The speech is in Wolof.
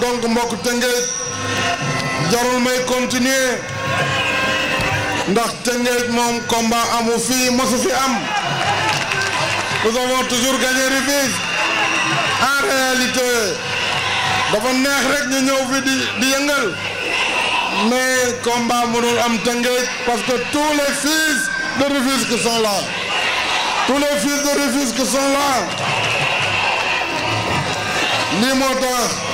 donc mbok Tëngéej jarul may continuer ndax Tëngéej mom combat amu fii mosu fi am nous avons toujours gagné Rufisque en réalité dafa neex rek ñu ñëw fi di di yëngal mais combat mënul am Tëngéej parce que tous les fils de Rufisque sont là tous les fils de Rufisque sont là ni moo tax